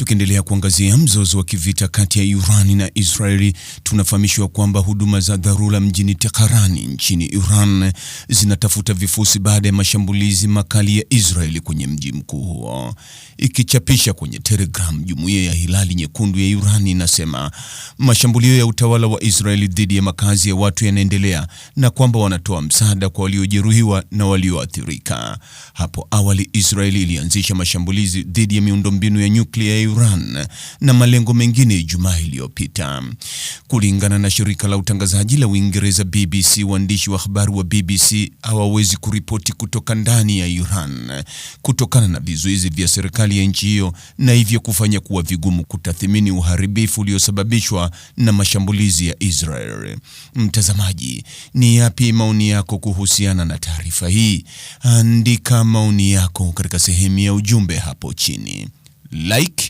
Tukiendelea kuangazia mzozo wa kivita kati ya Iran na Israeli, tunafahamishwa kwamba huduma za dharura mjini Tehran nchini Iran zinatafuta vifusi baada ya mashambulizi makali ya Israeli kwenye mji mkuu huo. Ikichapisha kwenye Telegram, Jumuiya ya Hilali Nyekundu ya Iran inasema mashambulio ya utawala wa Israeli dhidi ya makazi ya watu yanaendelea na kwamba wanatoa msaada kwa waliojeruhiwa na walioathirika. Hapo awali, Israeli ilianzisha mashambulizi dhidi ya miundombinu ya nyuklia Iran na malengo mengine Ijumaa iliyopita. Kulingana na shirika la utangazaji la Uingereza BBC, waandishi wa habari wa BBC hawawezi kuripoti kutoka ndani ya Iran kutokana na vizuizi vya serikali ya nchi hiyo na hivyo kufanya kuwa vigumu kutathmini uharibifu uliosababishwa na mashambulizi ya Israel. Mtazamaji, ni yapi maoni yako kuhusiana na taarifa hii? Andika maoni yako katika sehemu ya ujumbe hapo chini. Like